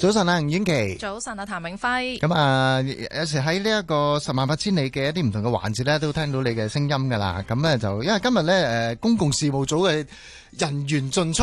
早晨啊，吳婉琪。早晨啊，譚永輝。咁啊，有時喺呢一個十萬八千里嘅一啲唔同嘅環節咧，都聽到你嘅聲音噶啦。咁咧就，因為今日咧誒公共事務組嘅人員進出。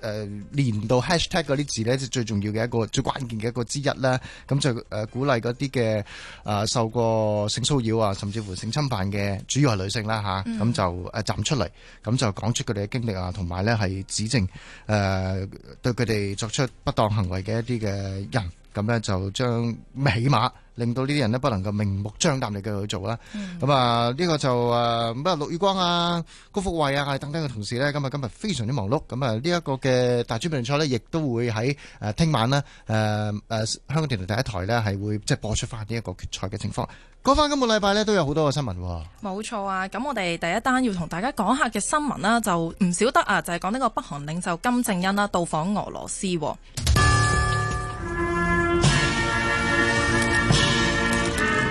誒、呃、連到 hashtag 嗰啲字咧，就最重要嘅一個、最關鍵嘅一個之一啦。咁就誒、呃、鼓勵嗰啲嘅啊受過性騷擾啊，甚至乎性侵犯嘅，主要係女性啦吓，咁、啊嗯、就誒站出嚟，咁就講出佢哋嘅經歷啊，同埋咧係指證誒、呃、對佢哋作出不當行為嘅一啲嘅人。咁咧就將起碼。令到呢啲人呢不能夠明目張膽地繼續去做啦。咁啊，呢、這個就啊，乜、呃、陸宇光啊、高福慧啊等等嘅同事呢，今日今日非常之忙碌。咁啊，呢、這、一個嘅大專比賽呢，亦都會喺誒聽晚啦，誒、呃、誒香港電台第一台呢，係會即係播出翻呢一個決賽嘅情況。講翻今個禮拜呢，都有好多嘅新聞、啊。冇錯啊，咁我哋第一單要同大家講下嘅新聞啦、啊，就唔少得啊，就係講呢個北韓領袖金正恩啦、啊、到訪俄羅斯、啊。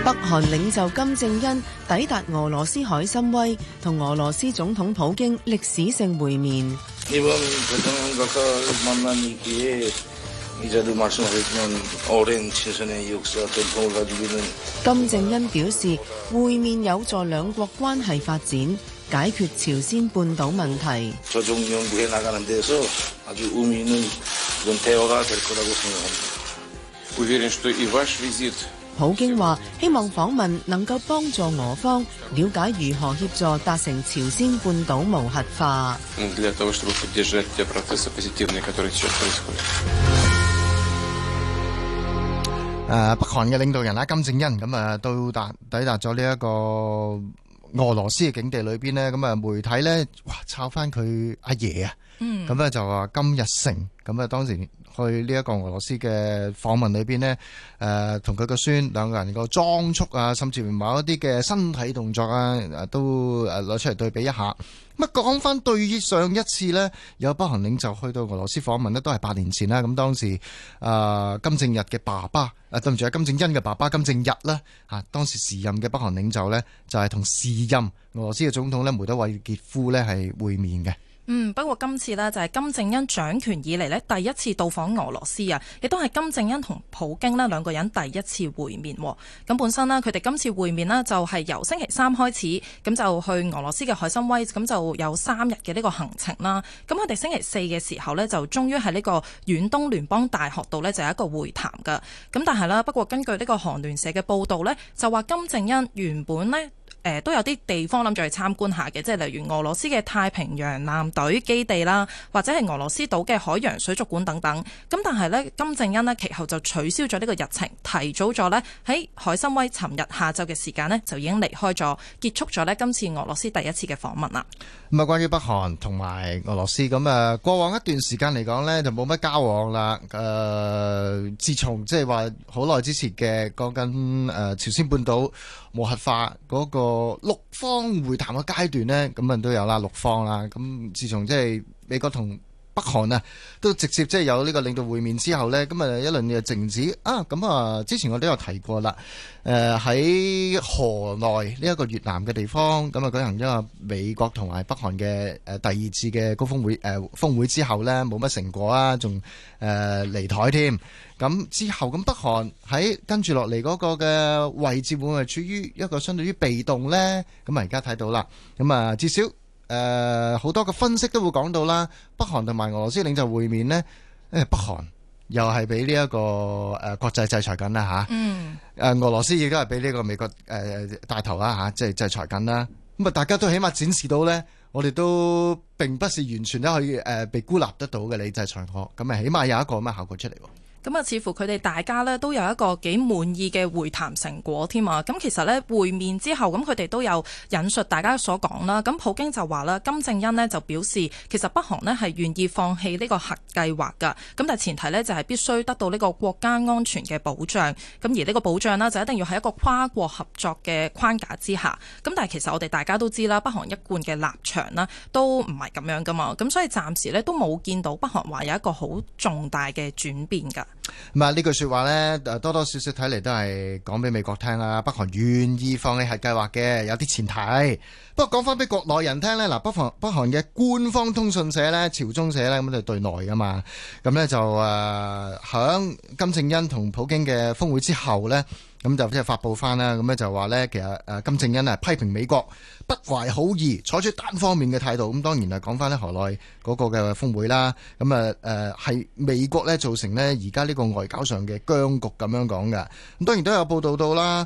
北韓領袖金正恩抵達俄羅斯海參崴，同俄羅斯總統普京歷史性會面。金正恩表示，會面有助兩國關係發展，解決朝鮮半島問題。金正恩表示，會面有助兩國關係發展，解決朝鮮半島問題。普京話：希望訪問能夠幫助俄方了解如何協助達成朝鮮半島無核化。誒、呃，北韓嘅領導人阿金正恩咁啊，到達抵達咗呢一個俄羅斯嘅境地裏邊呢咁啊，媒體呢，「哇，抄翻佢阿爺啊！」咁咧就話金日成，咁啊當時。去呢一個俄羅斯嘅訪問裏邊呢，誒同佢個孫兩個人個裝束啊，甚至乎某一啲嘅身體動作啊，都誒攞出嚟對比一下。咁啊講翻對上一次呢，有北韓領袖去到俄羅斯訪問呢，都係八年前啦。咁當時啊、呃、金正日嘅爸爸，誒、啊、對唔住啊，金正恩嘅爸爸金正日呢，嚇、啊、當時時任嘅北韓領袖呢，就係、是、同時任俄羅斯嘅總統呢，梅德韋傑夫呢，係會面嘅。嗯，不過今次呢，就係金正恩掌權以嚟呢，第一次到訪俄羅斯啊，亦都係金正恩同普京呢兩個人第一次會面。咁本身呢，佢哋今次會面呢，就係由星期三開始，咁就去俄羅斯嘅海參崴，咁就有三日嘅呢個行程啦。咁佢哋星期四嘅時候呢，就終於喺呢個遠東聯邦大學度呢，就有一個會談㗎。咁但係啦，不過根據呢個韓聯社嘅報道呢，就話金正恩原本呢。誒都有啲地方諗住去參觀一下嘅，即係例如俄羅斯嘅太平洋艦隊基地啦，或者係俄羅斯島嘅海洋水族館等等。咁但係呢，金正恩呢，其後就取消咗呢個日程，提早咗呢喺海參崴，尋日下晝嘅時間呢，就已經離開咗，結束咗呢今次俄羅斯第一次嘅訪問啦。咁啊，關於北韓同埋俄羅斯咁啊，過往一段時間嚟講呢，就冇乜交往啦。誒、呃，自從即係話好耐之前嘅講緊誒朝鮮半島無核化嗰、那個。個六方會談嘅階段咧，咁啊都有啦，六方啦，咁自從即係美國同。北韓啊，都直接即係有呢個領導會面之後呢，咁啊一輪嘅靜止啊，咁、嗯、啊之前我都有提過啦，誒、呃、喺河內呢一、這個越南嘅地方，咁、嗯、啊舉行咗個美國同埋北韓嘅誒、呃、第二次嘅高峰會誒，峯、呃、會之後呢，冇乜成果啊，仲誒、呃、離台添，咁、嗯、之後咁北韓喺跟住落嚟嗰個嘅位置會唔會處於一個相對於被動呢？咁啊而家睇到啦，咁、嗯、啊至少。誒，好、呃、多嘅分析都會講到啦，北韓同埋俄羅斯領袖會面呢誒，北韓又係俾呢一個誒、呃、國際制裁緊啦吓，誒、啊嗯、俄羅斯而家係俾呢個美國誒帶、呃、頭啦吓，即、啊、係制裁緊啦，咁啊，大家都起碼展示到呢，我哋都並不是完全都可以誒、呃、被孤立得到嘅理制裁。合，咁啊，起碼有一個咁嘅效果出嚟。咁啊，似乎佢哋大家呢都有一個幾滿意嘅會談成果添啊！咁其實呢，會面之後，咁佢哋都有引述大家所講啦。咁普京就話啦，金正恩呢就表示，其實北韓呢係願意放棄呢個核計劃㗎。咁但係前提呢，就係必須得到呢個國家安全嘅保障。咁而呢個保障呢，就一定要喺一個跨國合作嘅框架之下。咁但係其實我哋大家都知啦，北韓一貫嘅立場啦都唔係咁樣噶嘛。咁所以暫時呢，都冇見到北韓話有一個好重大嘅轉變㗎。咁啊！呢句說話呢，多多少少睇嚟都係講俾美國聽啦。北韓願意放棄核計劃嘅，有啲前提。不過講翻俾國內人聽呢，嗱，北韓，北韓嘅官方通訊社呢，朝中社呢，咁就對內噶嘛，咁呢就誒響金正恩同普京嘅峰會之後呢，咁就即係發布翻啦，咁呢就話呢，其實金正恩係批評美國不懷好意，採取單方面嘅態度，咁當然啊，講翻呢河內嗰個嘅峰會啦，咁啊係美國呢，造成呢而家呢個外交上嘅僵局咁樣講㗎，咁當然都有報道到啦，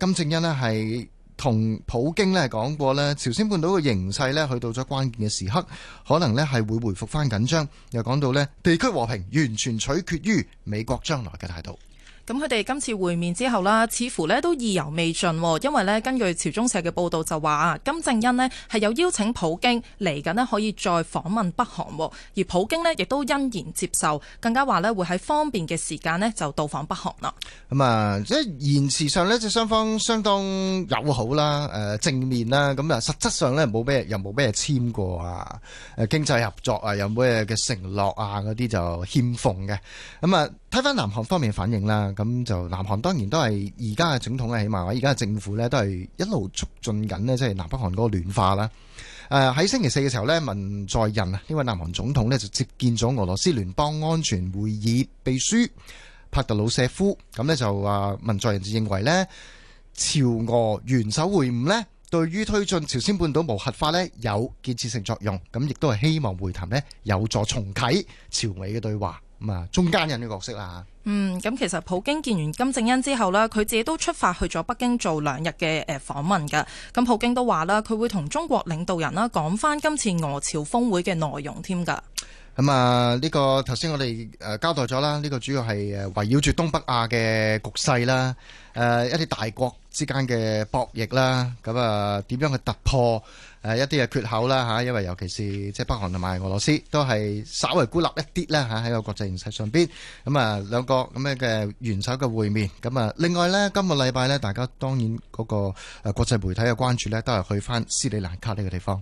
金正恩呢係。同普京呢講過呢朝鮮半島嘅形勢呢去到咗關鍵嘅時刻，可能呢係會回復返緊張。又講到呢地區和平完全取決於美國將來嘅態度。咁佢哋今次會面之後啦，似乎呢都意猶未盡喎。因為呢根據朝中社嘅報道就話啊，金正恩呢係有邀請普京嚟緊呢可以再訪問北韓，而普京呢亦都欣然接受，更加話呢會喺方便嘅時間呢就到訪北韓啦。咁、嗯、啊，即係言辭上呢，就雙方相當友好啦、呃，正面啦。咁啊，實質上呢，冇咩，又冇咩簽過啊，誒經濟合作啊，有冇咩嘅承諾啊，嗰啲就欠奉嘅。咁、嗯、啊。睇翻南韓方面反應啦，咁就南韓當然都係而家嘅總統啊，起碼話而家嘅政府呢都係一路促進緊呢，即係南北韓嗰個暖化啦。誒喺星期四嘅時候呢，文在寅啊呢位南韓總統呢，就接見咗俄羅斯聯邦安全會議秘書帕特魯舍夫，咁呢，就啊文在寅就認為呢朝俄元首會晤呢，對於推進朝鮮半島無核化呢，有建設性作用，咁亦都係希望會談呢有助重啟朝美嘅對話。.中間人嘅角色啦，嗯，咁其實普京見完金正恩之後呢，佢自己都出發去咗北京做兩日嘅誒訪問㗎。咁普京都話啦，佢會同中國領導人啦講翻今次俄朝峰會嘅內容添㗎。咁、嗯、啊，呢、呢個頭先我哋誒交代咗啦，呢、呢個主要係誒圍繞住東北亞嘅局勢啦，誒、啊、一啲大國之間嘅博弈啦，咁啊點樣去突破？誒一啲嘅缺口啦吓，因為尤其是即係北韓同埋俄羅斯都係稍微孤立一啲啦嚇，喺個國際形勢上邊，咁啊兩個咁樣嘅元首嘅會面咁啊，另外咧今個禮拜咧，大家當然嗰個誒國際媒體嘅關注咧，都係去翻斯里蘭卡呢個地方。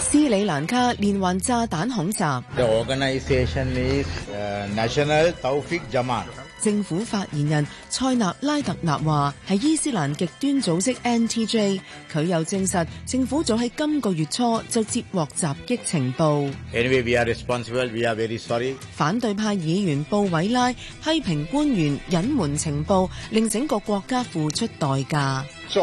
斯里蘭卡連環炸彈恐襲。The 政府發言人塞納拉特納話：係伊斯蘭極端組織 NTJ。佢又證實政府早喺今個月初就接獲襲擊情報。Anyway, 反對派議員布維拉批評官員隱瞞情報，令整個國家付出代價。So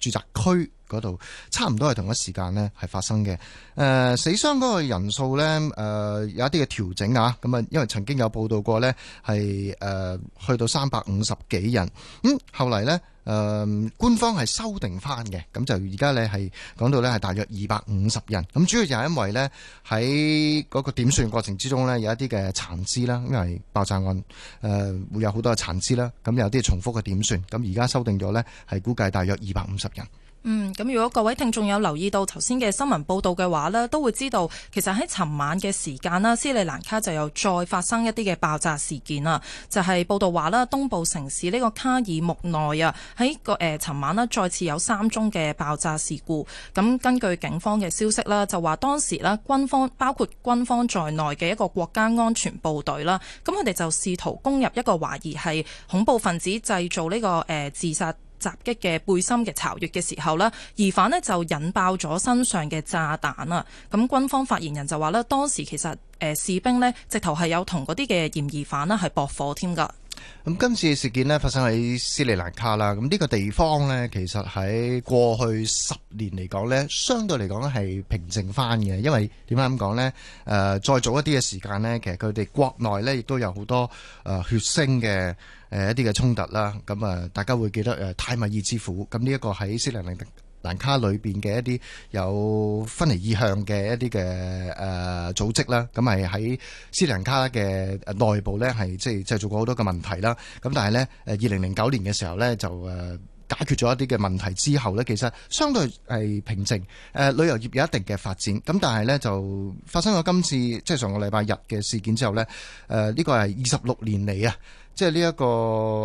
住宅區嗰度差唔多係同一時間呢係發生嘅，誒、呃、死傷嗰個人數呢，誒、呃、有一啲嘅調整啊，咁啊因為曾經有報道過呢，係、呃、誒去到三百五十幾人，嗯，後嚟呢，誒、呃、官方係修訂翻嘅，咁就而家你係講到呢係大約二百五十人，咁主要就係因為呢喺嗰個點算過程之中呢，有一啲嘅殘肢啦，因為爆炸案誒、呃、會有好多嘅殘肢啦，咁有啲重複嘅點算，咁而家修訂咗呢，係估計大約二百五十人。嗯，咁如果各位聽眾有留意到頭先嘅新聞報道嘅話呢，都會知道，其實喺尋晚嘅時間啦，斯里蘭卡就有再發生一啲嘅爆炸事件啦。就係、是、報道話啦，東部城市呢個卡爾木內啊，喺個誒尋晚啦，再次有三宗嘅爆炸事故。咁根據警方嘅消息啦，就話當時啦，軍方包括軍方在內嘅一個國家安全部隊啦，咁佢哋就試圖攻入一個懷疑係恐怖分子製造呢、這個誒、呃、自殺。襲擊嘅背心嘅巢穴嘅時候呢，疑犯呢就引爆咗身上嘅炸彈啦！咁軍方發言人就話呢，當時其實誒士兵呢直頭係有同嗰啲嘅嫌疑犯呢係駁火添㗎。咁今次事件呢，發生喺斯里蘭卡啦，咁、這、呢個地方呢，其實喺過去十年嚟講呢，相對嚟講係平靜翻嘅，因為點解咁講呢？誒、呃，再早一啲嘅時間呢，其實佢哋國內呢亦都有好多誒血腥嘅。誒一啲嘅衝突啦，咁啊，大家會記得誒泰米爾之虎。咁呢一個喺斯里蘭卡裏面嘅一啲有分離意向嘅一啲嘅誒組織啦，咁係喺斯里蘭卡嘅內部呢，係即係製造過好多嘅問題啦。咁但係呢，誒二零零九年嘅時候呢，就誒解決咗一啲嘅問題之後呢，其實相對係平靜。誒旅遊業有一定嘅發展，咁但係呢，就發生咗今次即係、就是、上個禮拜日嘅事件之後呢，誒、這、呢個係二十六年嚟啊！即係呢一個誒、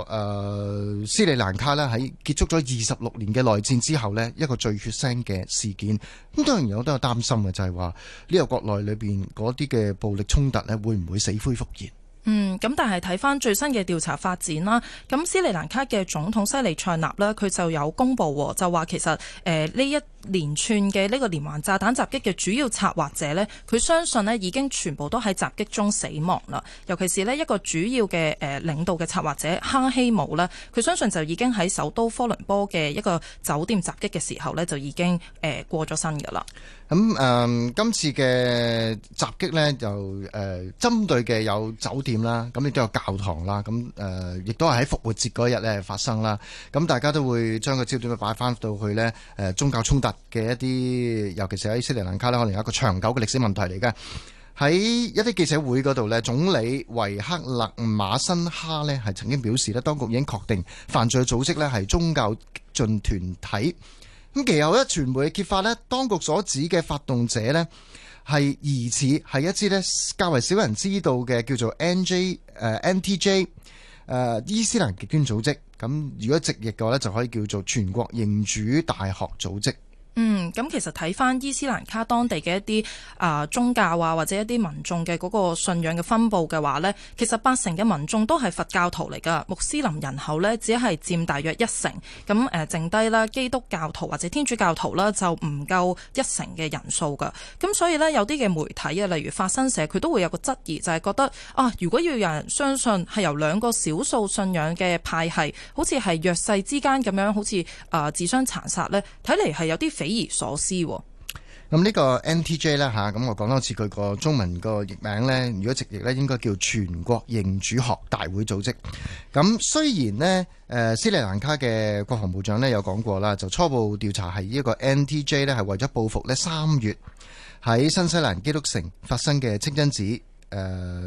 呃、斯里蘭卡咧，喺結束咗二十六年嘅內戰之後呢一個最血腥嘅事件。咁當然有都有擔心嘅，就係話呢個國內裏邊嗰啲嘅暴力衝突咧，會唔會死灰復燃？嗯，咁但係睇翻最新嘅調查發展啦，咁斯里蘭卡嘅總統西利塞納呢，佢就有公布喎，就話其實誒呢一連串嘅呢個連環炸彈襲擊嘅主要策劃者呢，佢相信呢已經全部都喺襲擊中死亡啦。尤其是呢一個主要嘅誒領導嘅策劃者哈希姆呢，佢相信就已經喺首都科倫坡嘅一個酒店襲擊嘅時候呢，就已經誒過咗身㗎啦。咁誒、嗯，今次嘅襲擊呢，就、呃、誒針對嘅有酒店啦，咁亦都有教堂啦，咁誒，亦都係喺復活節嗰日呢發生啦。咁大家都會將個焦點擺擺翻到去呢宗教衝突嘅一啲，尤其是喺斯里蘭卡咧，可能有一個長久嘅歷史問題嚟嘅。喺一啲記者會嗰度呢，總理維克勒馬辛哈呢係曾經表示咧，當局已經確定犯罪組織呢係宗教進團體。咁其後咧，傳媒嘅揭發呢，當局所指嘅發動者呢，係疑似係一支呢較為少人知道嘅叫做 N J M T J 伊斯蘭極端組織。咁如果直譯嘅話呢，就可以叫做全國認主大學組織。嗯，咁其實睇翻伊斯蘭卡當地嘅一啲啊宗教啊或者一啲民眾嘅嗰個信仰嘅分布嘅話咧，其實八成嘅民眾都係佛教徒嚟㗎，穆斯林人口咧只係佔大約一成，咁誒剩低啦基督教徒或者天主教徒啦就唔夠一成嘅人數㗎，咁所以咧有啲嘅媒體啊，例如法新社佢都會有個質疑，就係覺得啊，如果要有人相信係由兩個少數信仰嘅派系，好似係弱勢之間咁樣好似啊自相殘殺咧，睇嚟係有啲匪夷所思。咁呢個 NTJ 呢，吓，咁我講多次佢個中文個譯名呢。如果直譯呢，應該叫全國認主學大會組織。咁雖然呢，誒，斯里蘭卡嘅國防部長呢有講過啦，就初步調查係呢一個 NTJ 呢係為咗報復呢三月喺新西蘭基督城發生嘅清真寺誒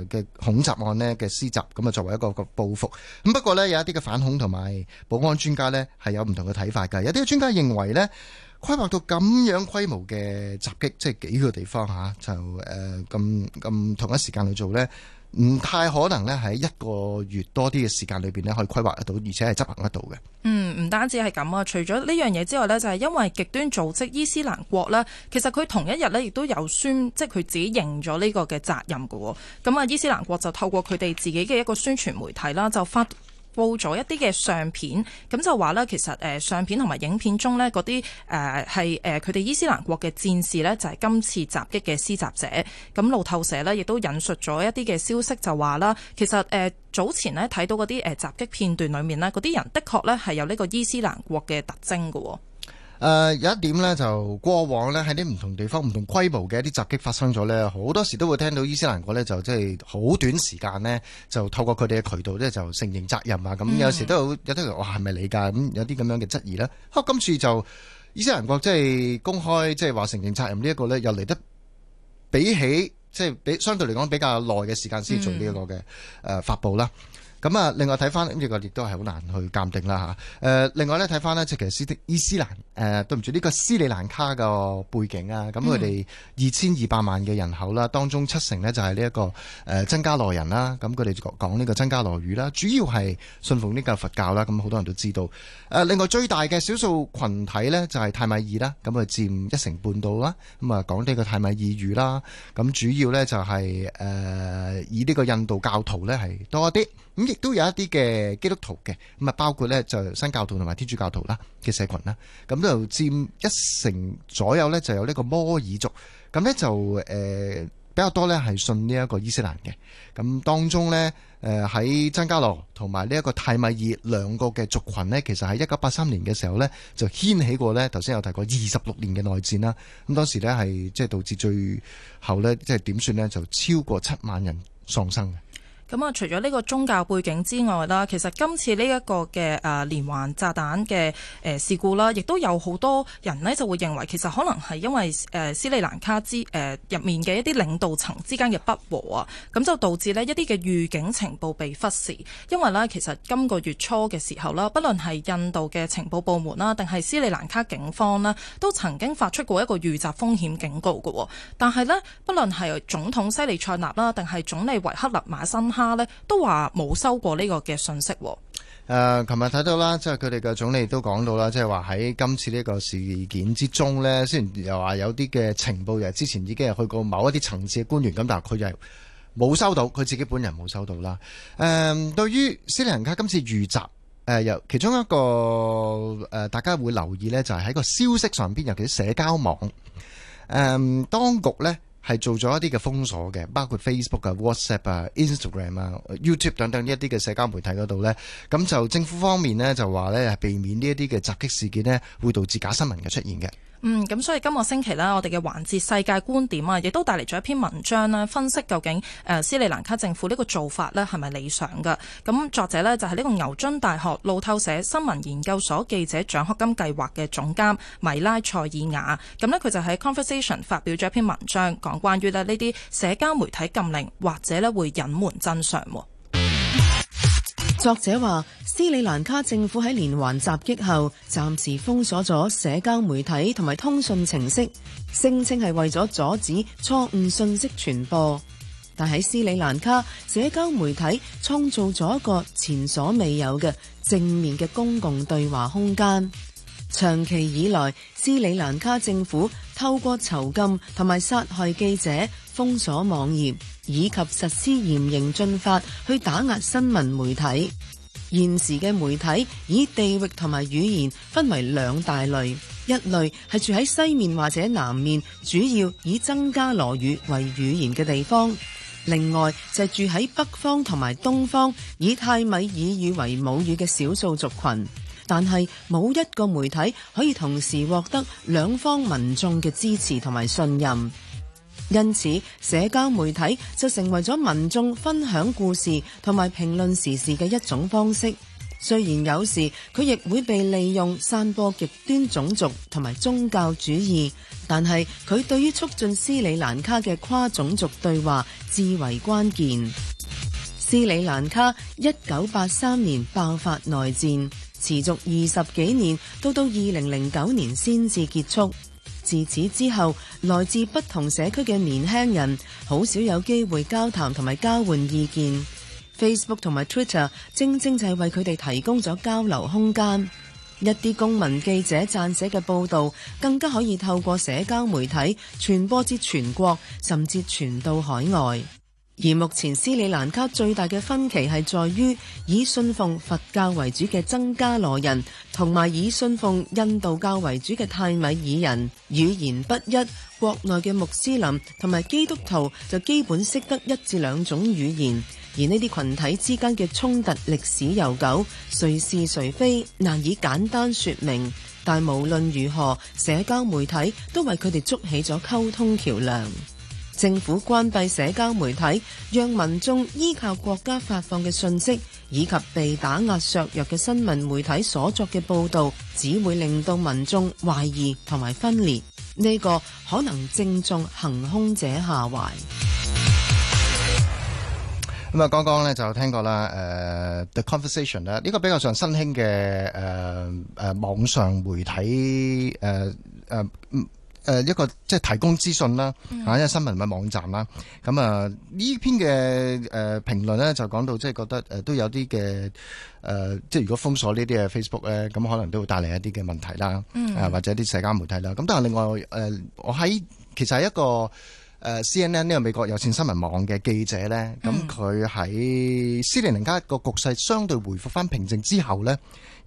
嘅恐襲案呢嘅施襲，咁啊作為一個個報復。咁不過呢，有一啲嘅反恐同埋保安專家呢係有唔同嘅睇法㗎。有啲嘅專家認為呢，規劃到咁樣規模嘅襲擊，即係幾個地方嚇，就誒咁咁同一時間去做呢，唔太可能呢，喺一個月多啲嘅時間裏邊呢，可以規劃得到，而且係執行得到嘅。嗯，唔單止係咁啊，除咗呢樣嘢之外呢就係因為極端組織伊斯蘭國呢，其實佢同一日呢亦都有宣，即係佢自己認咗呢個嘅責任㗎喎。咁啊，伊斯蘭國就透過佢哋自己嘅一個宣傳媒體啦，就發。報咗一啲嘅相片，咁就話呢，其實誒相片同埋影片中呢嗰啲誒係誒佢哋伊斯蘭國嘅戰士呢，就係今次襲擊嘅施襲者。咁路透社呢亦都引述咗一啲嘅消息，就話啦，其實誒早前呢睇到嗰啲誒襲擊片段裏面呢，嗰啲人的確呢係有呢個伊斯蘭國嘅特徵噶。誒、uh, 有一點咧，就過往咧喺啲唔同地方、唔同規模嘅一啲襲擊發生咗咧，好多時都會聽到伊斯蘭國咧就即係好短時間呢，就透過佢哋嘅渠道咧就承認責任啊。咁、mm. 嗯、有時都有啲人話係咪理解，咁有啲咁樣嘅質疑咧。可今次就伊斯蘭國即係公開即係話承認責任呢一個咧，又嚟得比起即係、就是、比相對嚟講比較耐嘅時間先做呢一個嘅誒、mm. 呃、發布啦。咁啊，另外睇翻，咁亦、這個亦都係好難去鑑定啦嚇。另外咧睇翻呢，即其實斯伊斯蘭誒、呃，對唔住呢個斯里蘭卡個背景啊。咁佢哋二千二百萬嘅人口啦，當中七成呢就係呢一個誒、呃、增加羅人啦。咁佢哋講呢個僧伽羅語啦，主要係信奉呢個佛教啦。咁好多人都知道。誒，另外最大嘅少數群體呢就係泰米爾啦。咁啊佔一成半度啦。咁啊講呢個泰米爾語啦。咁主要呢就係、是、誒、呃、以呢個印度教徒呢係多啲。咁亦都有一啲嘅基督徒嘅，咁啊包括咧就新教徒同埋天主教徒啦嘅社群啦，咁就佔一成左右咧，就有呢個摩爾族，咁咧就誒比較多咧係信呢一個伊斯蘭嘅，咁當中咧誒喺僧伽羅同埋呢一個泰米爾兩個嘅族群呢，其實喺一九八三年嘅時候咧就掀起過咧，頭先有提過二十六年嘅內戰啦，咁當時咧係即係導致最後咧即係點算咧就超過七萬人喪生嘅。咁啊、嗯，除咗呢個宗教背景之外啦，其實今次呢一個嘅誒連環炸彈嘅誒事故啦，亦都有好多人咧就會認為其實可能係因為誒斯里蘭卡之誒入、呃、面嘅一啲領導層之間嘅不和啊，咁就導致咧一啲嘅預警情報被忽視，因為咧，其實今個月初嘅時候啦，不論係印度嘅情報部門啦，定係斯里蘭卡警方啦，都曾經發出過一個預襲風險警告嘅。但係咧，不論係總統西利塞納啦，定係總理維克勒馬辛。咧都話冇收過呢個嘅信息。誒、呃，琴日睇到啦，即係佢哋嘅總理都講到啦，即係話喺今次呢個事件之中呢，雖然又話有啲嘅情報又係之前已經係去過某一啲層次嘅官員咁，但係佢又冇收到，佢自己本人冇收到啦。誒、呃，對於斯里蘭卡今次遇襲，誒、呃，又其中一個誒、呃，大家會留意呢，就係喺個消息上邊，尤其是社交網，誒、呃，當局呢，係做咗一啲嘅封鎖嘅，包括 Facebook 啊、WhatsApp 啊、Instagram 啊、YouTube 等等呢一啲嘅社交媒體嗰度咧，咁就政府方面咧就話咧，避免呢一啲嘅襲擊事件呢，會導致假新聞嘅出現嘅。嗯，咁所以今個星期呢，我哋嘅環節世界觀點啊，亦都帶嚟咗一篇文章啦，分析究竟誒斯里蘭卡政府呢個做法呢係咪理想噶？咁作者呢，就係呢個牛津大學路透社新聞研究所記者獎學金計劃嘅總監米拉塞爾瓦咁呢，佢就喺 Conversation 發表咗一篇文章，講關於呢啲社交媒體禁令或者呢會隱瞞真相喎。作者話，斯里蘭卡政府喺連環襲擊後，暫時封鎖咗社交媒體同埋通訊程式，聲稱係為咗阻止錯誤信息傳播。但喺斯里蘭卡，社交媒體創造咗一個前所未有嘅正面嘅公共對話空間。長期以來，斯里蘭卡政府透過囚禁同埋殺害記者封鎖，封鎖網頁。以及實施嚴刑峻法去打壓新聞媒體。現時嘅媒體以地域同埋語言分為兩大類，一類係住喺西面或者南面，主要以增加羅語為語言嘅地方；另外就係住喺北方同埋東方，以泰米爾語為母語嘅少數族群。但係冇一個媒體可以同時獲得兩方民眾嘅支持同埋信任。因此，社交媒體就成為咗民眾分享故事同埋評論時事嘅一種方式。雖然有時佢亦會被利用散播極端種族同埋宗教主義，但係佢對於促進斯里蘭卡嘅跨種族對話至為關鍵。斯里蘭卡一九八三年爆發內戰，持續二十幾年，到到二零零九年先至結束。.自此之後，來自不同社區嘅年輕人好少有機會交談同埋交換意見。Facebook 同埋 Twitter 正正就係為佢哋提供咗交流空間。一啲公民記者撰寫嘅報導，更加可以透過社交媒體傳播至全國，甚至傳到海外。而目前斯里蘭卡最大嘅分歧係在於以信奉佛教為主嘅僧伽羅人，同埋以信奉印度教為主嘅泰米爾人，語言不一。國內嘅穆斯林同埋基督徒就基本識得一至兩種語言。而呢啲群體之間嘅衝突歷史悠久，誰是誰非難以簡單說明。但無論如何，社交媒體都為佢哋築起咗溝通橋樑。政府關閉社交媒體，讓民眾依靠國家發放嘅信息，以及被打壓削弱嘅新聞媒體所作嘅報道，只會令到民眾懷疑同埋分裂。呢、這個可能正中行凶者下懷。咁啊，剛剛咧就聽過啦，誒、uh,，The Conversation 咧，呢個比較上新興嘅誒誒，uh, 網上媒體誒誒。Uh, uh, 誒、呃、一個即係提供資訊啦，因、啊、一新聞嘅網站啦。咁啊，篇呃、評論呢篇嘅誒評論咧就講到即係覺得、呃、都有啲嘅誒，即係如果封鎖呢啲嘅 Facebook 咧、啊，咁可能都會帶嚟一啲嘅問題啦，啊或者一啲社交媒體啦。咁、啊、但係另外誒、呃，我喺其實係一個誒 CNN 呢個美國有線新聞網嘅記者咧，咁佢喺斯里蘭卡個局勢相對回復返平靜之後咧，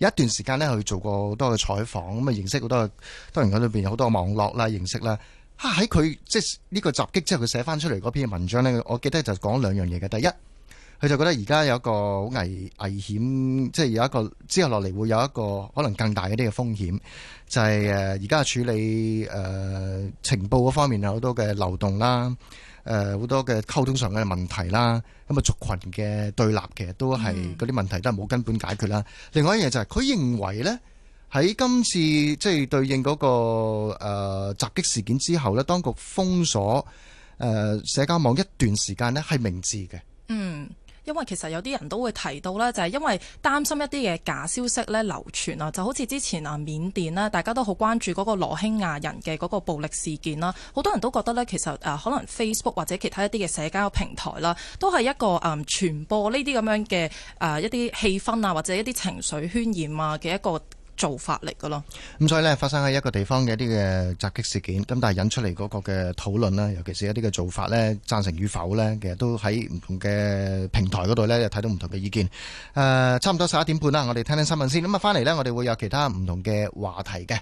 一段時間咧，佢做過好多嘅採訪，咁啊認識好多、當然，嘅裏邊有好多網絡啦，認識啦。嚇喺佢即係呢個襲擊之後，佢寫翻出嚟嗰篇文章咧，我記得就講兩樣嘢嘅。第一，佢就覺得而家有一個好危危險，即係有一個之後落嚟會有一個可能更大一啲嘅風險，就係誒而家處理誒、呃、情報嗰方面有好多嘅漏洞啦。誒好多嘅溝通上嘅問題啦，咁啊族群嘅對立其實都係嗰啲問題都係冇根本解決啦。另外一樣就係佢認為咧，喺今次即係對應嗰個誒襲擊事件之後咧，當局封鎖誒社交網一段時間呢，係明智嘅。嗯。因為其實有啲人都會提到咧，就係因為擔心一啲嘅假消息呢，流傳啊，就好似之前啊緬甸咧，大家都好關注嗰個羅興亞人嘅嗰個暴力事件啦，好多人都覺得呢，其實可能 Facebook 或者其他一啲嘅社交平台啦，都係一個誒嗯、傳播呢啲咁樣嘅、呃、一啲氣氛啊，或者一啲情緒渲染啊嘅一個做法嚟噶咯，咁所以呢，發生喺一個地方嘅一啲嘅襲擊事件，咁但係引出嚟嗰個嘅討論啦，尤其是一啲嘅做法呢，贊成與否呢，其實都喺唔同嘅平台嗰度呢，又睇到唔同嘅意見。誒、呃，差唔多十一點半啦，我哋聽聽新聞先。咁啊，翻嚟呢，我哋會有其他唔同嘅話題嘅。